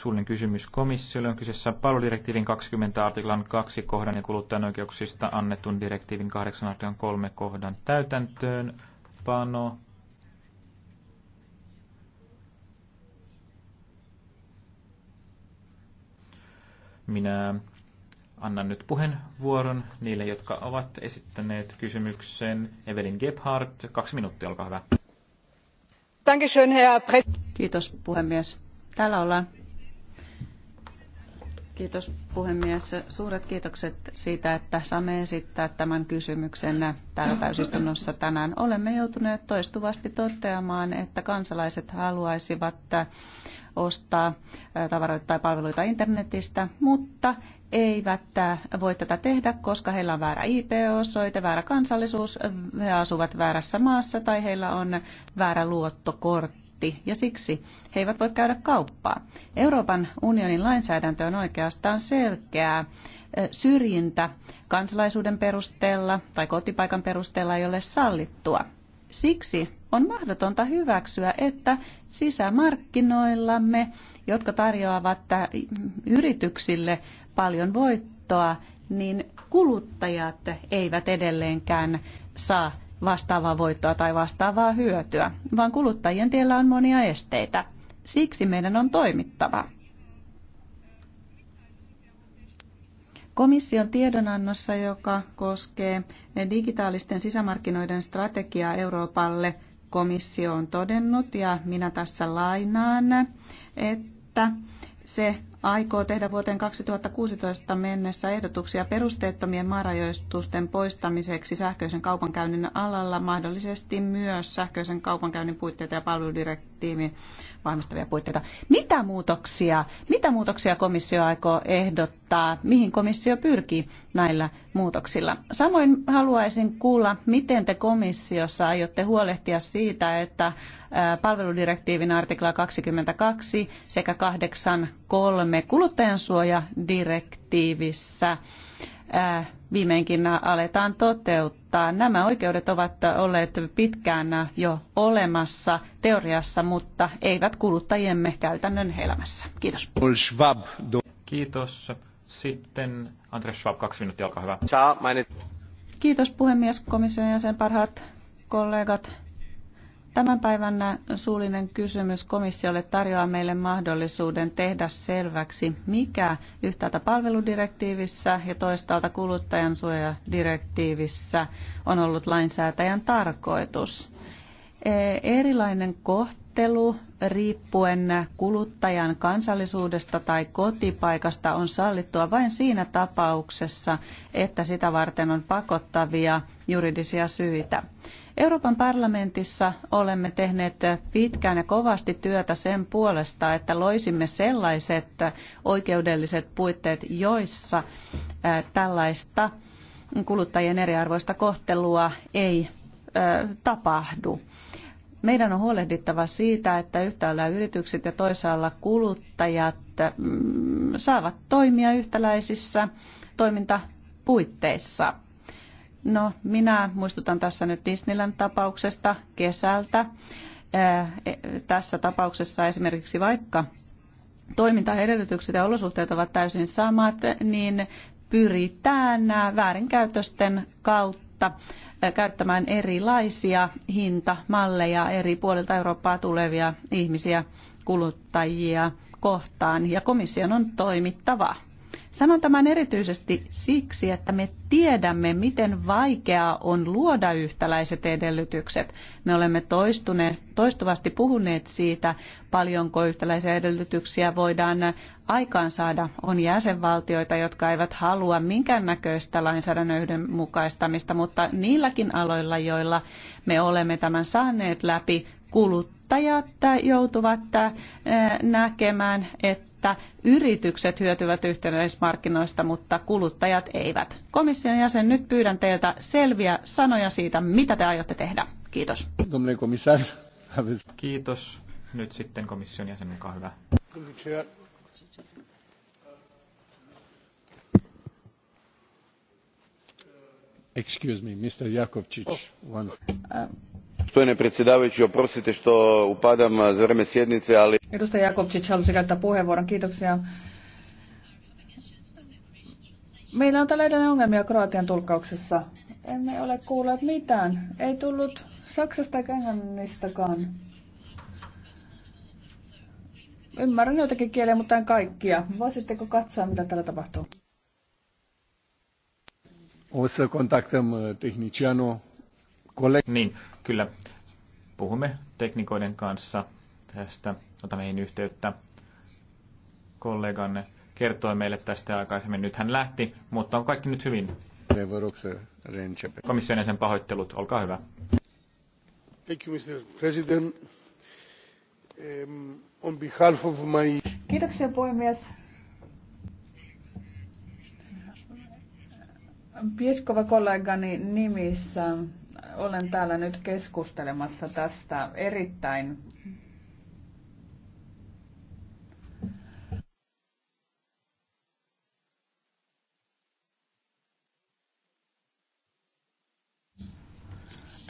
suullinen kysymys komissiolle on kyseessä palveludirektiivin 20 artiklan 2 kohdan ja kuluttajan oikeuksista annetun direktiivin 8 artiklan 3 kohdan täytäntöön pano. Minä annan nyt puheenvuoron niille, jotka ovat esittäneet kysymyksen. Evelin Gebhardt, kaksi minuuttia, olkaa hyvä. Kiitos puhemies. Täällä ollaan Kiitos puhemies. Suuret kiitokset siitä, että saamme esittää tämän kysymyksen täällä täysistunnossa tänään. Olemme joutuneet toistuvasti toteamaan, että kansalaiset haluaisivat ostaa tavaroita tai palveluita internetistä, mutta eivät voi tätä tehdä, koska heillä on väärä IP-osoite, väärä kansallisuus, he asuvat väärässä maassa tai heillä on väärä luottokortti konflikti ja siksi he eivät voi käydä kauppaa. Euroopan unionin lainsäädäntö on oikeastaan selkeää. Syrjintä kansalaisuuden perusteella tai kotipaikan perusteella ei ole sallittua. Siksi on mahdotonta hyväksyä, että sisämarkkinoillamme, jotka tarjoavat yrityksille paljon voittoa, niin kuluttajat eivät edelleenkään saa vastaavaa voittoa tai vastaavaa hyötyä, vaan kuluttajien tiellä on monia esteitä. Siksi meidän on toimittava. Komission tiedonannossa, joka koskee digitaalisten sisämarkkinoiden strategiaa Euroopalle, komissio on todennut, ja minä tässä lainaan, että se aikoo tehdä vuoteen 2016 mennessä ehdotuksia perusteettomien maarajoitusten poistamiseksi sähköisen kaupankäynnin alalla, mahdollisesti myös sähköisen kaupankäynnin puitteita ja palveludirektiivin valmistavia puitteita. Mitä muutoksia, mitä muutoksia komissio aikoo ehdottaa, mihin komissio pyrkii näillä muutoksilla? Samoin haluaisin kuulla, miten te komissiossa aiotte huolehtia siitä, että palveludirektiivin artikla 22 sekä 8.3 kuluttajansuojadirektiivissä Äh, viimeinkin aletaan toteuttaa. Nämä oikeudet ovat olleet pitkään jo olemassa teoriassa, mutta eivät kuluttajiemme käytännön elämässä. Kiitos. Kiitos. Sitten Andres Schwab, kaksi minuuttia, olkaa hyvä. Kiitos puhemies, komission jäsen, parhaat kollegat. Tämän päivän suullinen kysymys komissiolle tarjoaa meille mahdollisuuden tehdä selväksi, mikä yhtäältä palveludirektiivissä ja toistaalta kuluttajansuojadirektiivissä on ollut lainsäätäjän tarkoitus erilainen kohtelu riippuen kuluttajan kansallisuudesta tai kotipaikasta on sallittua vain siinä tapauksessa, että sitä varten on pakottavia juridisia syitä. Euroopan parlamentissa olemme tehneet pitkään ja kovasti työtä sen puolesta, että loisimme sellaiset oikeudelliset puitteet, joissa tällaista kuluttajien eriarvoista kohtelua ei tapahdu. Meidän on huolehdittava siitä, että yhtäällä yritykset ja toisaalla kuluttajat mm, saavat toimia yhtäläisissä toimintapuitteissa. No, minä muistutan tässä nyt Disneyland-tapauksesta kesältä. Äh, e, tässä tapauksessa esimerkiksi vaikka toimintaedellytykset ja olosuhteet ovat täysin samat, niin pyritään väärinkäytösten kautta kautta käyttämään erilaisia hintamalleja eri puolilta Eurooppaa tulevia ihmisiä, kuluttajia kohtaan ja komission on toimittava. Sanon tämän erityisesti siksi, että me tiedämme, miten vaikeaa on luoda yhtäläiset edellytykset. Me olemme toistuneet, toistuvasti puhuneet siitä, paljonko yhtäläisiä edellytyksiä voidaan aikaansaada. On jäsenvaltioita, jotka eivät halua minkäännäköistä lainsäädännön yhdenmukaistamista, mutta niilläkin aloilla, joilla me olemme tämän saaneet läpi, kuluttajat joutuvat äh, näkemään, että yritykset hyötyvät yhtenäismarkkinoista, mutta kuluttajat eivät. Komissio komission jäsen, nyt pyydän teiltä selviä sanoja siitä, mitä te aiotte tehdä. Kiitos. Kiitos. Nyt sitten komission jäsen, olkaa hyvä. gospodine predsjedavajući oprostite što upadam eh, za vrijeme sjednice ali. edustaja jakovčić halusi käyttää puheenvuoron kiitoksia Meillä on tällä edelleen ongelmia Kroatian tulkkauksessa. Emme ole kuulleet mitään. Ei tullut Saksasta eikä Englannistakaan. Ymmärrän joitakin kieliä, mutta en kaikkia. Voisitteko katsoa, mitä täällä tapahtuu? Osa să uh, tekniciano kollega, Niin, kyllä. Puhumme teknikoiden kanssa tästä. Otamme heihin yhteyttä kolleganne kertoi meille tästä aikaisemmin. Nyt hän lähti, mutta on kaikki nyt hyvin. Komission jäsen pahoittelut, olkaa hyvä. Thank you, Mr. President. Um, on behalf of my... Kiitoksia puhemies. Pieskova kollegani nimissä olen täällä nyt keskustelemassa tästä erittäin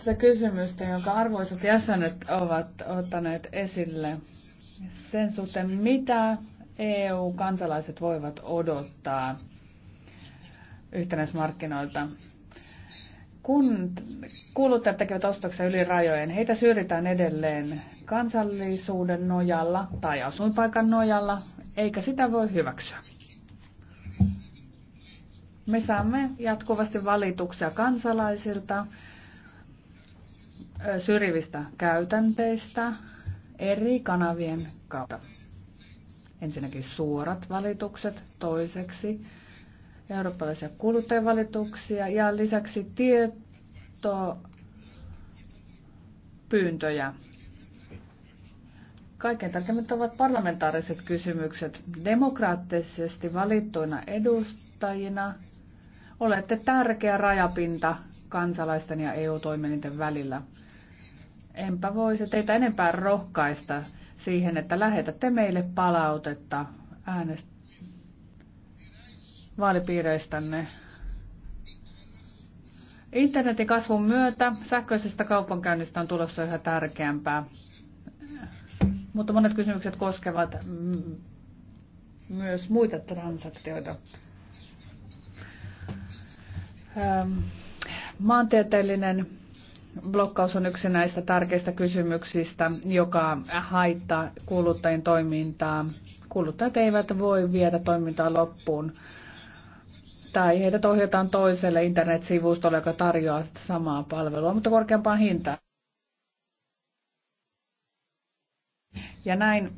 sitä kysymystä, jonka arvoisat jäsenet ovat ottaneet esille sen suhteen, mitä EU-kansalaiset voivat odottaa yhtenäismarkkinoilta. Kun kuluttajat tekevät ostoksia yli rajojen, heitä syrjitään edelleen kansallisuuden nojalla tai asuinpaikan nojalla, eikä sitä voi hyväksyä. Me saamme jatkuvasti valituksia kansalaisilta, syrjivistä käytänteistä eri kanavien kautta. Ensinnäkin suorat valitukset, toiseksi eurooppalaisia kuluttajavalituksia ja lisäksi tietopyyntöjä. Kaiken tärkeimmät ovat parlamentaariset kysymykset. Demokraattisesti valittuina edustajina olette tärkeä rajapinta kansalaisten ja EU-toimielinten välillä. Enpä voisi teitä enempää rohkaista siihen, että lähetätte meille palautetta äänest vaalipiireistänne. Internetin kasvun myötä sähköisestä kaupankäynnistä on tulossa yhä tärkeämpää. Mutta monet kysymykset koskevat myös muita transaktioita. Maantieteellinen blokkaus on yksi näistä tärkeistä kysymyksistä, joka haittaa kuluttajien toimintaa. Kuluttajat eivät voi viedä toimintaa loppuun tai heidät ohjataan toiselle internetsivustolle, joka tarjoaa sitä samaa palvelua, mutta korkeampaan hintaan. Ja näin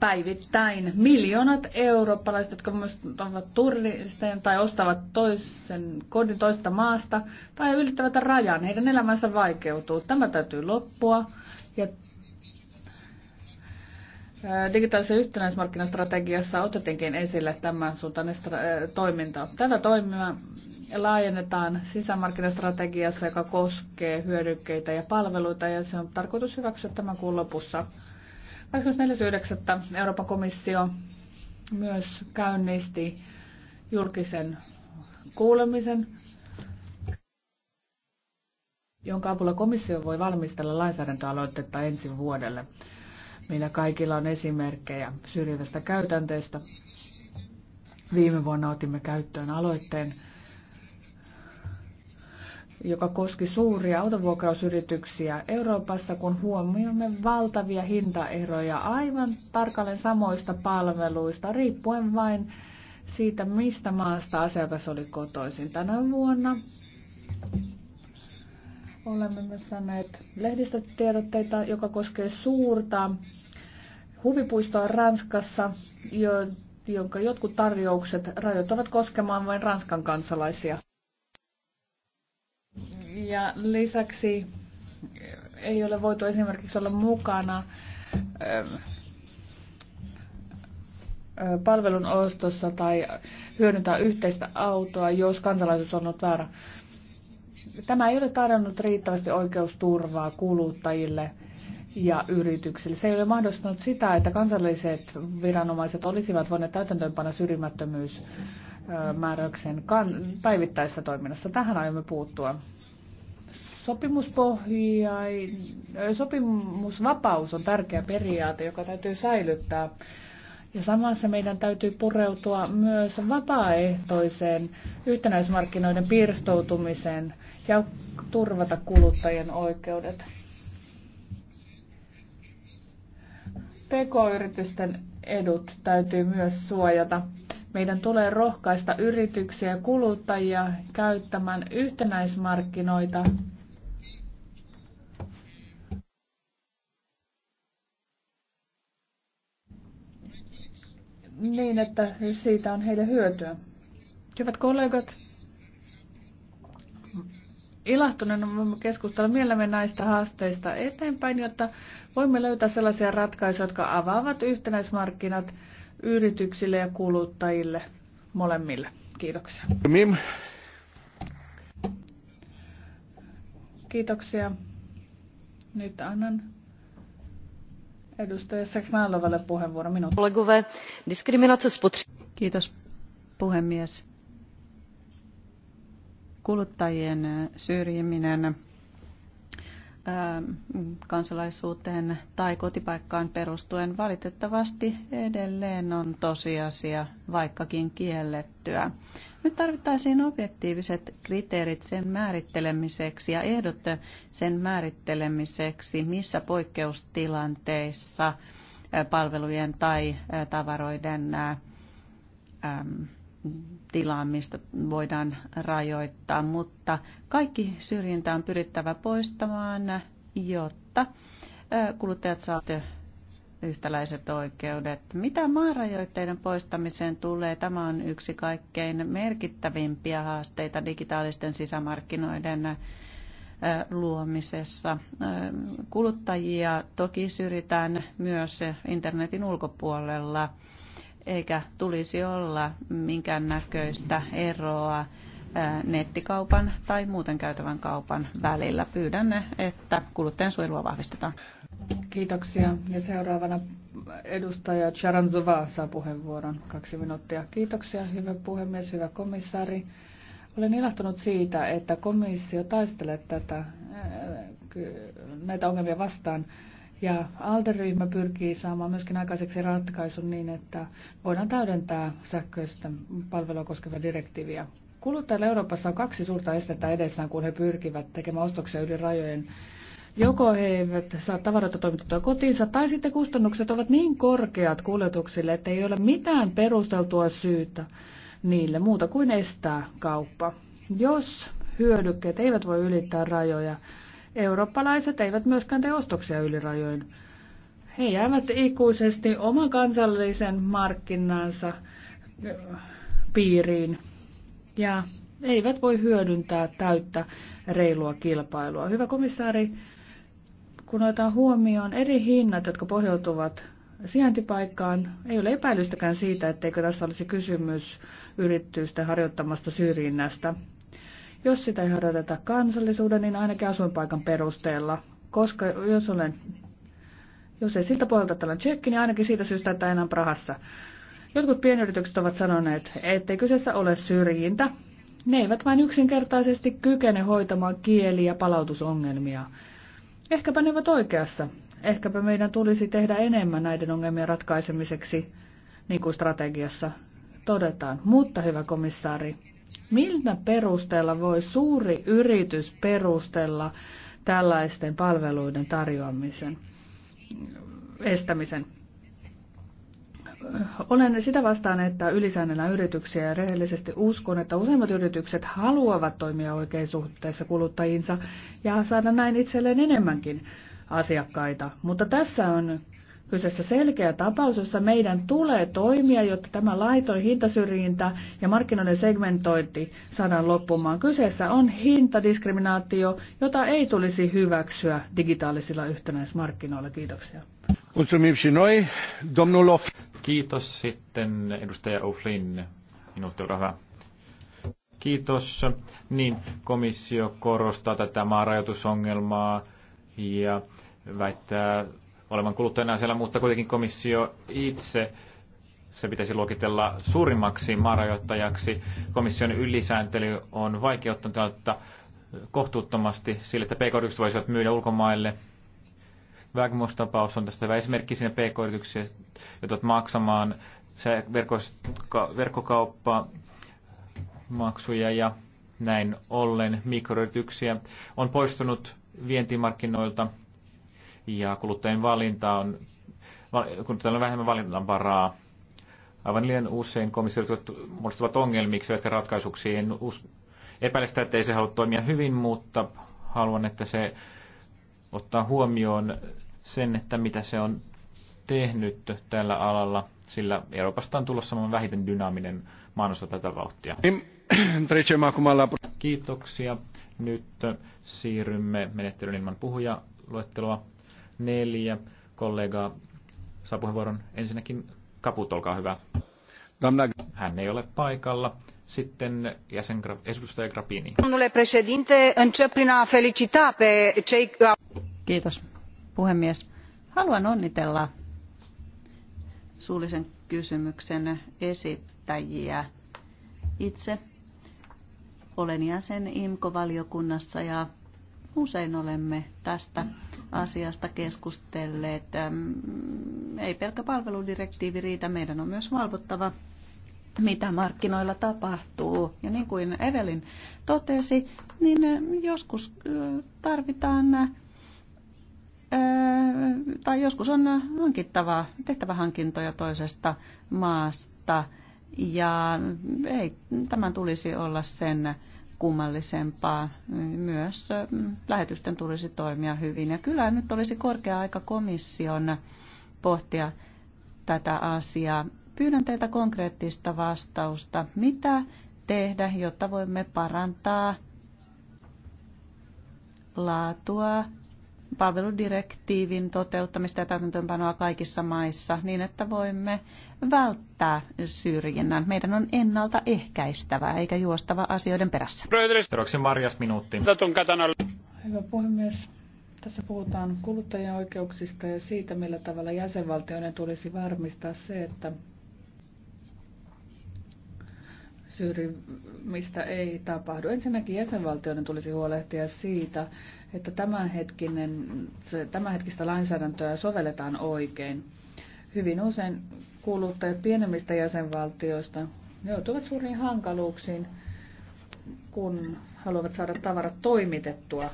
päivittäin miljoonat eurooppalaiset, jotka myös ovat turisteja tai ostavat toisen kodin toista maasta tai ylittävät rajan, heidän elämänsä vaikeutuu. Tämä täytyy loppua ja Digitaalisen yhtenäismarkkinastrategiassa otettiinkin esille tämän suuntainen toiminta. Tätä toimia laajennetaan sisämarkkinastrategiassa, joka koskee hyödykkeitä ja palveluita, ja se on tarkoitus hyväksyä tämän kuun lopussa. 24.9. Euroopan komissio myös käynnisti julkisen kuulemisen, jonka avulla komissio voi valmistella lainsäädäntöaloitetta ensi vuodelle. Meillä kaikilla on esimerkkejä syrjivästä käytänteestä. Viime vuonna otimme käyttöön aloitteen, joka koski suuria autovuokrausyrityksiä Euroopassa, kun huomioimme valtavia hintaeroja aivan tarkalleen samoista palveluista, riippuen vain siitä, mistä maasta asiakas oli kotoisin tänä vuonna. Olemme myös saaneet lehdistötiedotteita, joka koskee suurta huvipuistoa Ranskassa, jonka jotkut tarjoukset rajoittavat koskemaan vain Ranskan kansalaisia. Ja lisäksi ei ole voitu esimerkiksi olla mukana ähm, äh, palvelun ostossa tai hyödyntää yhteistä autoa, jos kansalaisuus on ollut väärä. Tämä ei ole tarjonnut riittävästi oikeusturvaa kuluttajille ja yrityksille. Se ei ole mahdollistanut sitä, että kansalliset viranomaiset olisivat voineet täytäntöönpana syrjimättömyys määräyksen päivittäisessä toiminnassa. Tähän aiomme puuttua. Sopimuspohjai, sopimusvapaus on tärkeä periaate, joka täytyy säilyttää. Ja samassa meidän täytyy pureutua myös vapaaehtoiseen yhtenäismarkkinoiden pirstoutumiseen ja turvata kuluttajien oikeudet. PK-yritysten edut täytyy myös suojata. Meidän tulee rohkaista yrityksiä ja kuluttajia käyttämään yhtenäismarkkinoita niin, että siitä on heille hyötyä. Hyvät kollegat, ilahtuneena voimme keskustella mielemme näistä haasteista eteenpäin, jotta voimme löytää sellaisia ratkaisuja, jotka avaavat yhtenäismarkkinat yrityksille ja kuluttajille molemmille. Kiitoksia. Mim. Kiitoksia. Nyt annan edustaja Sekmäälovalle puheenvuoro minuutti. Kollegove, diskriminaatio Kiitos puhemies. Kuluttajien syrjiminen Ähm, kansalaisuuteen tai kotipaikkaan perustuen valitettavasti edelleen on tosiasia, vaikkakin kiellettyä. Nyt tarvittaisiin objektiiviset kriteerit sen määrittelemiseksi ja ehdot sen määrittelemiseksi, missä poikkeustilanteissa äh, palvelujen tai äh, tavaroiden äh, tilaamista voidaan rajoittaa, mutta kaikki syrjintä on pyrittävä poistamaan, jotta kuluttajat saavat yhtäläiset oikeudet. Mitä maanrajoitteiden poistamiseen tulee, tämä on yksi kaikkein merkittävimpiä haasteita digitaalisten sisämarkkinoiden luomisessa. Kuluttajia toki syrjitään myös internetin ulkopuolella eikä tulisi olla minkään näköistä eroa nettikaupan tai muuten käytävän kaupan välillä. Pyydän, että suojelua vahvistetaan. Kiitoksia. Ja seuraavana edustaja Charanzova saa puheenvuoron. Kaksi minuuttia. Kiitoksia, hyvä puhemies, hyvä komissaari. Olen ilahtunut siitä, että komissio taistelee tätä, näitä ongelmia vastaan ja ALDE-ryhmä pyrkii saamaan myöskin aikaiseksi ratkaisun niin, että voidaan täydentää sähköistä palvelua koskevia direktiiviä. Kuluttajilla Euroopassa on kaksi suurta estettä edessään, kun he pyrkivät tekemään ostoksia yli rajojen. Joko he eivät saa tavaroita toimitettua kotiinsa, tai sitten kustannukset ovat niin korkeat kuljetuksille, että ei ole mitään perusteltua syytä niille muuta kuin estää kauppa. Jos hyödykkeet eivät voi ylittää rajoja, Eurooppalaiset eivät myöskään tee ostoksia ylirajoin. He jäävät ikuisesti oman kansallisen markkinansa eh, piiriin ja eivät voi hyödyntää täyttä reilua kilpailua. Hyvä komissaari, kun otetaan huomioon eri hinnat, jotka pohjautuvat sijaintipaikkaan, ei ole epäilystäkään siitä, etteikö tässä olisi kysymys yritysten harjoittamasta syrjinnästä. Jos sitä ei harjoiteta kansallisuuden, niin ainakin asuinpaikan perusteella. Koska jos, olen, jos ei siltä puolelta että tsekki, niin ainakin siitä syystä, että enää Prahassa. Jotkut pienyritykset ovat sanoneet, ettei kyseessä ole syrjintä. Ne eivät vain yksinkertaisesti kykene hoitamaan kieli- ja palautusongelmia. Ehkäpä ne ovat oikeassa. Ehkäpä meidän tulisi tehdä enemmän näiden ongelmien ratkaisemiseksi, niin kuin strategiassa todetaan. Mutta, hyvä komissaari, Miltä perusteella voi suuri yritys perustella tällaisten palveluiden tarjoamisen estämisen? Olen sitä vastaan, että ylisäännellä yrityksiä ja rehellisesti uskon, että useimmat yritykset haluavat toimia oikein suhteessa kuluttajinsa ja saada näin itselleen enemmänkin asiakkaita. Mutta tässä on kyseessä selkeä tapaus, jossa meidän tulee toimia, jotta tämä laiton hintasyrjintä ja markkinoiden segmentointi saadaan loppumaan. Kyseessä on hintadiskriminaatio, jota ei tulisi hyväksyä digitaalisilla yhtenäismarkkinoilla. Kiitoksia. Kiitos sitten edustaja O'Flynn. Minuutti, on hyvä. Kiitos. Niin, komissio korostaa tätä maarajoitusongelmaa ja väittää olevan kuluttajana siellä, mutta kuitenkin komissio itse se pitäisi luokitella suurimmaksi maarajoittajaksi. Komission ylisääntely on vaikeuttanut kohtuuttomasti sille, että pk-yritykset voisivat myydä ulkomaille. Vägmos-tapaus on tästä hyvä esimerkki siinä pk-yrityksiä, joita maksamaan se verkkokauppa maksuja ja näin ollen mikroyrityksiä on poistunut vientimarkkinoilta ja kuluttajien valinta on, täällä on vähemmän valinnan varaa. Aivan liian usein komissiot muodostuvat ongelmiksi, jotka ratkaisuksi en epäile sitä, että ei se halua toimia hyvin, mutta haluan, että se ottaa huomioon sen, että mitä se on tehnyt tällä alalla, sillä Euroopasta on tulossa maailman vähiten dynaaminen maanosa tätä vauhtia. Kiitoksia. Nyt siirrymme menettelyn ilman luetteloa. Neljä kollegaa saa puheenvuoron. Ensinnäkin Kaput, olkaa hyvä. Hän ei ole paikalla. Sitten jäsen edustaja Grappini. Kiitos, puhemies. Haluan onnitella suullisen kysymyksen esittäjiä. Itse olen jäsen IMKO-valiokunnassa ja usein olemme tästä asiasta keskustelleet. Ei pelkä palveludirektiivi riitä, meidän on myös valvottava mitä markkinoilla tapahtuu. Ja niin kuin Evelin totesi, niin joskus tarvitaan tai joskus on hankittava, tehtävä hankintoja toisesta maasta. Ja ei, tämän tulisi olla sen kummallisempaa. Myös lähetysten tulisi toimia hyvin. Ja kyllä nyt olisi korkea aika komission pohtia tätä asiaa. Pyydän teiltä konkreettista vastausta. Mitä tehdä, jotta voimme parantaa laatua palveludirektiivin toteuttamista ja täytäntöönpanoa kaikissa maissa niin, että voimme välttää syrjinnän. Meidän on ennaltaehkäistävä eikä juostava asioiden perässä. Seuraavaksi Marjas minuutti. Hyvä puhemies. Tässä puhutaan kuluttajien oikeuksista ja siitä, millä tavalla jäsenvaltioiden tulisi varmistaa se, että syrjimistä ei tapahdu. Ensinnäkin jäsenvaltioiden tulisi huolehtia siitä, että tämänhetkinen, se, tämänhetkistä lainsäädäntöä sovelletaan oikein. Hyvin usein kuluttajat pienemmistä jäsenvaltioista joutuvat suuriin hankaluuksiin, kun haluavat saada tavarat toimitettua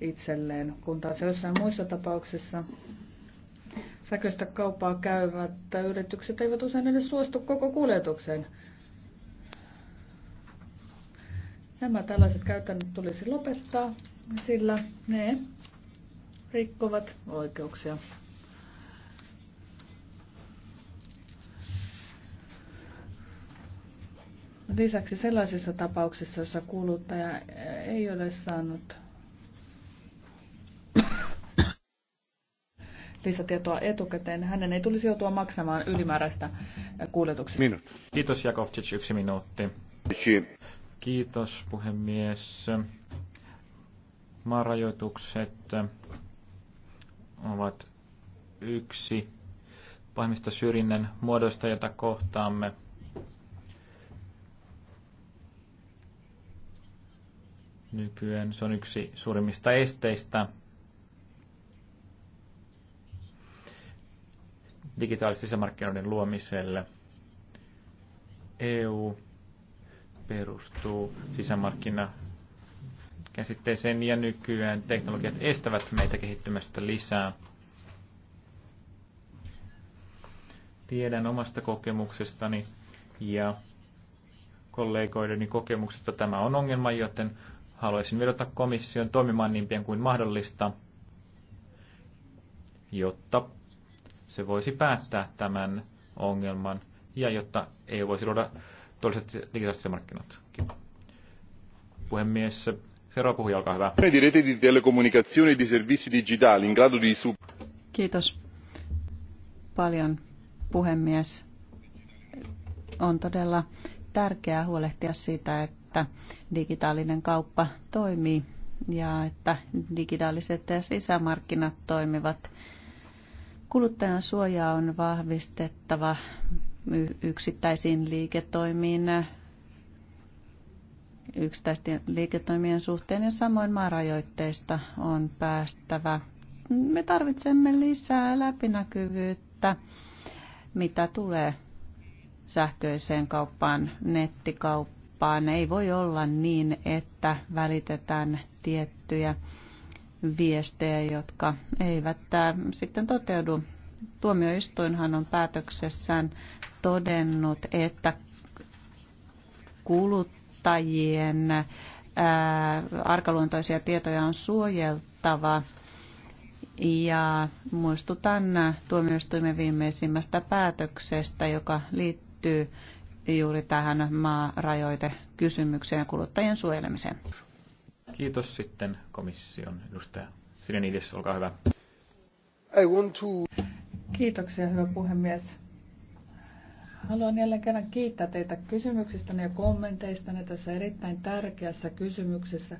itselleen, kun taas jossain muissa tapauksissa säköistä kauppaa käyvät yritykset eivät usein edes suostu koko kuljetukseen. Nämä tällaiset käytännöt tulisi lopettaa sillä ne rikkovat oikeuksia. Lisäksi sellaisissa tapauksissa, joissa kuluttaja ei ole saanut lisätietoa etukäteen, hänen ei tulisi joutua maksamaan ylimääräistä kuljetuksesta. Minut. Kiitos Jakovcic, yksi minuutti. Kiitos puhemies. Maarajoitukset ovat yksi pahimmista syrjinnän muodoista, jota kohtaamme. Nykyään se on yksi suurimmista esteistä digitaalisten sisämarkkinoiden luomiselle. EU perustuu sisämarkkina käsitteeseen ja nykyään teknologiat estävät meitä kehittymästä lisää. Tiedän omasta kokemuksestani ja kollegoideni kokemuksesta tämä on ongelma, joten haluaisin vedota komission toimimaan niin pian kuin mahdollista, jotta se voisi päättää tämän ongelman ja jotta ei voisi luoda toiset digitaaliset markkinat. Puhemies, Seuraava Di rete di telecomunicazione di servizi digitali in grado di Kiitos paljon, puhemies. On todella tärkeää huolehtia siitä, että digitaalinen kauppa toimii ja että digitaaliset sisämarkkinat toimivat. Kuluttajan suojaa on vahvistettava yksittäisiin liiketoimiin yksittäisten liiketoimien suhteen ja samoin maarajoitteista on päästävä. Me tarvitsemme lisää läpinäkyvyyttä, mitä tulee sähköiseen kauppaan, nettikauppaan. Ei voi olla niin, että välitetään tiettyjä viestejä, jotka eivät äh, sitten toteudu. Tuomioistuinhan on päätöksessään todennut, että kulut ää, arkaluontoisia tietoja on suojeltava. Ja muistutan tuomioistuimen viimeisimmästä päätöksestä, joka liittyy juuri tähän maarajoitekysymykseen ja kuluttajien suojelemiseen. Kiitos sitten komission edustaja. Sirenides, olkaa hyvä. Kiitoksia, hyvä puhemies. Haluan jälleen kerran kiittää teitä kysymyksistä ja kommenteista tässä erittäin tärkeässä kysymyksessä,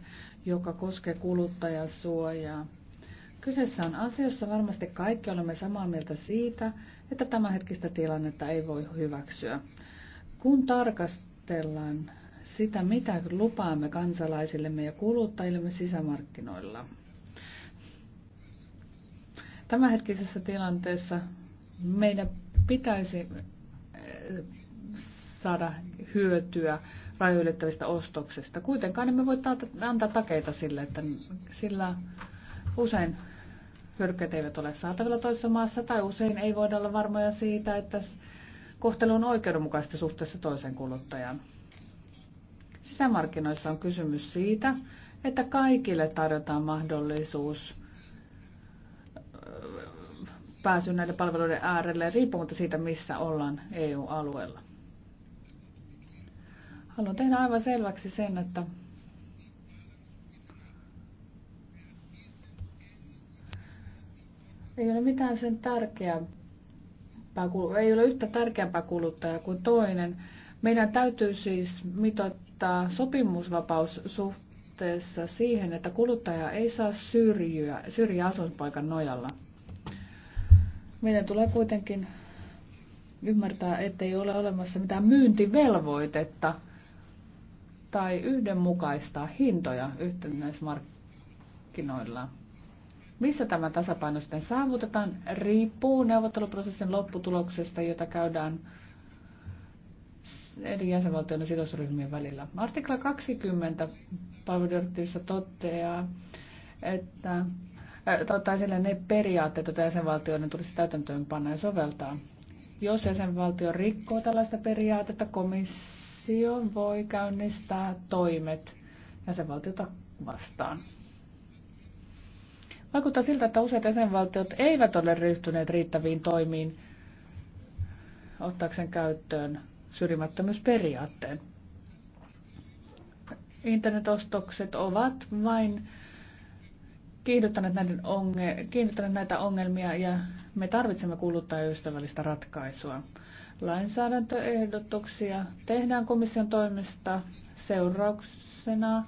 joka koskee kuluttajasuojaa. suojaa. Kyseessä on asiassa varmasti kaikki olemme samaa mieltä siitä, että tämä hetkistä tilannetta ei voi hyväksyä. Kun tarkastellaan sitä, mitä lupaamme kansalaisillemme ja kuluttajillemme sisämarkkinoilla. Tämänhetkisessä tilanteessa meidän pitäisi saada hyötyä rajoilettavista ostoksista. Kuitenkaan emme voi antaa takeita sille, että sillä usein hyödykkeet eivät ole saatavilla toisessa maassa tai usein ei voida olla varmoja siitä, että kohtelu on oikeudenmukaista suhteessa toisen kuluttajaan. Sisämarkkinoissa on kysymys siitä, että kaikille tarjotaan mahdollisuus Pääsy näiden palveluiden äärelle riippumatta siitä, missä ollaan EU-alueella. Haluan tehdä aivan selväksi sen, että ei ole mitään sen tärkeämpää, ei ole yhtä tärkeämpää kuluttajaa kuin toinen. Meidän täytyy siis mitoittaa sopimusvapaus suhteessa siihen, että kuluttaja ei saa syrjyä, syrjiä asuinpaikan nojalla – meidän tulee kuitenkin ymmärtää, ettei ole olemassa mitään myyntivelvoitetta tai yhdenmukaista hintoja yhtenäismarkkinoilla. Missä tämä tasapaino sitten saavutetaan, riippuu neuvotteluprosessin lopputuloksesta, jota käydään eri jäsenvaltioiden sidosryhmien välillä. Artikla 20 palveludirektiivissä toteaa, että tota, sillä ne periaatteet, joita jäsenvaltioiden tulisi täytäntöönpanna ja soveltaa. Jos jäsenvaltio rikkoo tällaista periaatetta, komissio voi käynnistää toimet jäsenvaltiota vastaan. Vaikuttaa siltä, että useat jäsenvaltiot eivät ole ryhtyneet riittäviin toimiin ottaakseen käyttöön syrjimättömyysperiaatteen. Internetostokset ovat vain kiihdyttäneet, näiden onge- kiihdyttäneet näitä ongelmia ja me tarvitsemme kuluttajaystävällistä ratkaisua. Lainsäädäntöehdotuksia tehdään komission toimesta seurauksena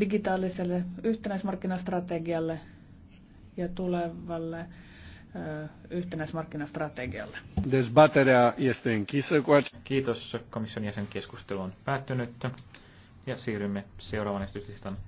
digitaaliselle yhtenäismarkkinastrategialle ja tulevalle yhtenäismarkkinastrategialle. Kiitos komission jäsen keskustelu on päättynyt ja siirrymme seuraavan esityslistan